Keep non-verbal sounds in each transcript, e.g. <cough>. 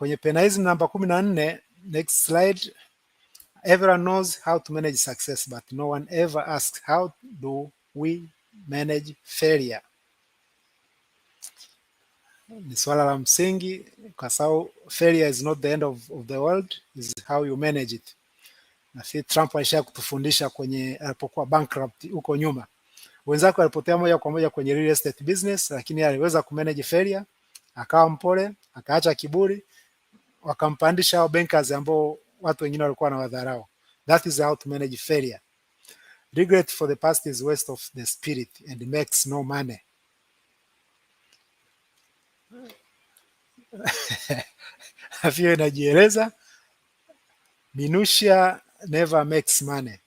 Kwenye penalism namba kumi na nne, next slide. Everyone knows how to manage success but no one ever asks how do we manage failure. Ni swala la msingi kwa sababu failure is not the end of, of the world is how you manage it. Nafikiri Trump alisha kutufundisha kwenye alipokuwa bankrupt huko nyuma. Wenzake walipotea moja kwa moja kwenye real estate business, lakini aliweza kumanage failure, akawa mpole, akaacha kiburi wakampandisha hao bankers ambao watu wengine walikuwa na wadharau That is how to manage failure. Regret for the past is waste of the spirit and makes no money. <laughs> Afyo inajieleza minutia never makes money.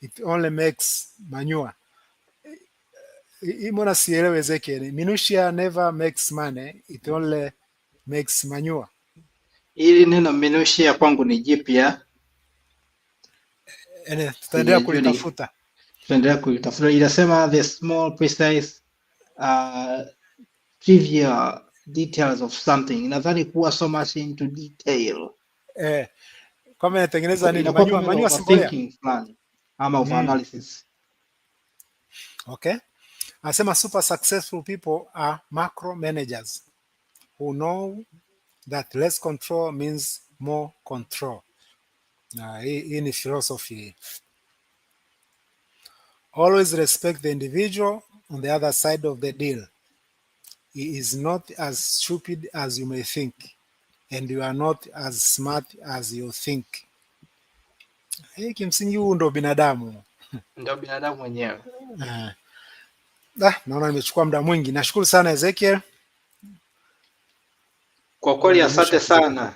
It only makes manure. Imona sielewe Ezekiel. Minutia never makes money. It only makes manure ili neno menu share kwangu ni jipya, Yaani tutaendelea kulitafuta, tutaendelea kulitafuta. Inasema the small precise uh, trivia details of something. Nadhani kuwa so much into detail eh, kama inatengeneza nini, manual manual thinking plan ama mm. of analysis. Okay, anasema super successful people are macro managers who know that less control means more control. Uh, hii, ni philosophy Always respect the individual on the other side of the deal. He is not as stupid as you may think and you are not as smart as you think. Hii kimsingi huu ndo binadamu ndo binadamu mwenyewe. Eh. Naona nimechukua muda mwingi. Nashukuru sana Ezekiel. Kwa kweli asante sana,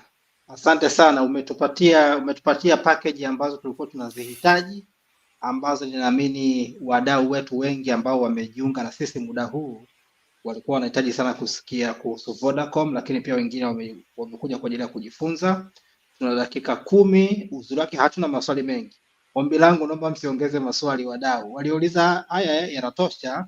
asante sana, umetupatia umetupatia package ambazo tulikuwa tunazihitaji, ambazo ninaamini wadau wetu wengi ambao wamejiunga na sisi muda huu walikuwa wanahitaji sana kusikia kuhusu Vodacom, lakini pia wengine wamekuja wame kwa ajili ya kujifunza. Tuna dakika kumi, uzuri wake hatuna maswali mengi. Ombi langu naomba msiongeze maswali wadau, waliouliza haya eh, yanatosha.